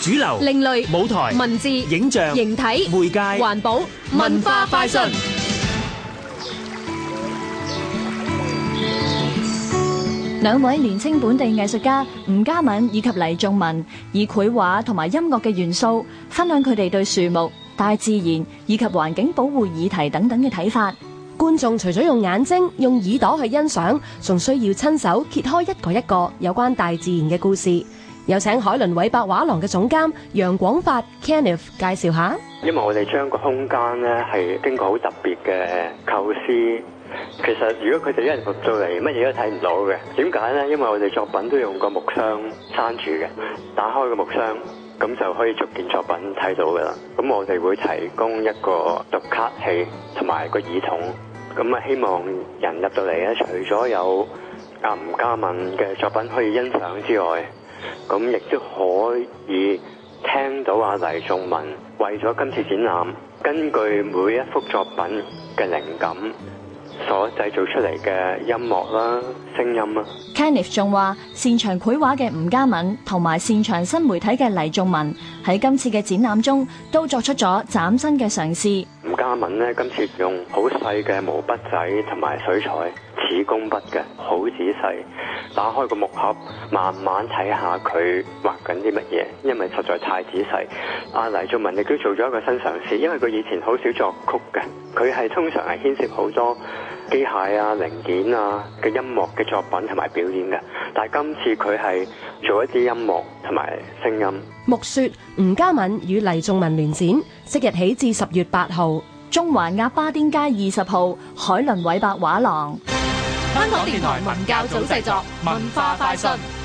主流、另類舞台、文字、影像、形體、媒介、環保、文化快訊。兩位年青本地藝術家吳嘉敏以及黎仲文，以繪畫同埋音樂嘅元素，分享佢哋對樹木、大自然以及環境保護議題等等嘅睇法。觀眾除咗用眼睛、用耳朵去欣賞，仲需要親手揭開一個一個有關大自然嘅故事。有請海倫韋伯畫廊嘅總監楊廣發 Kenneth 介紹下。因為我哋將個空間咧係經過好特別嘅構思，其實如果佢哋一人入到嚟，乜嘢都睇唔到嘅。點解咧？因為我哋作品都用個木箱閂住嘅，打開個木箱咁就可以逐件作品睇到噶啦。咁我哋會提供一個讀卡器同埋個耳筒，咁啊希望人入到嚟咧，除咗有阿吳家敏嘅作品可以欣賞之外。咁亦都可以聽到阿黎仲文為咗今次展覽，根據每一幅作品嘅靈感所製作出嚟嘅音樂啦、聲音啦。Kenneth 仲話，擅長繪畫嘅吳家敏同埋擅長新媒體嘅黎仲文喺今次嘅展覽中都作出咗嶄新嘅嘗試。阿敏呢？今次用好細嘅毛筆仔同埋水彩似工筆嘅好仔細，打開個木盒，慢慢睇下佢畫緊啲乜嘢，因為實在太仔細。阿、啊、黎仲文亦都做咗一個新嘗試，因為佢以前好少作曲嘅，佢係通常係牽涉好多機械啊零件啊嘅音樂嘅作品同埋表演嘅，但係今次佢係做一啲音樂同埋聲音。木說吳嘉敏與黎仲文聯展，即日起至十月八號。中環鴨巴甸街二十號海倫韋伯畫廊。香港電台文教組製作，文化快訊。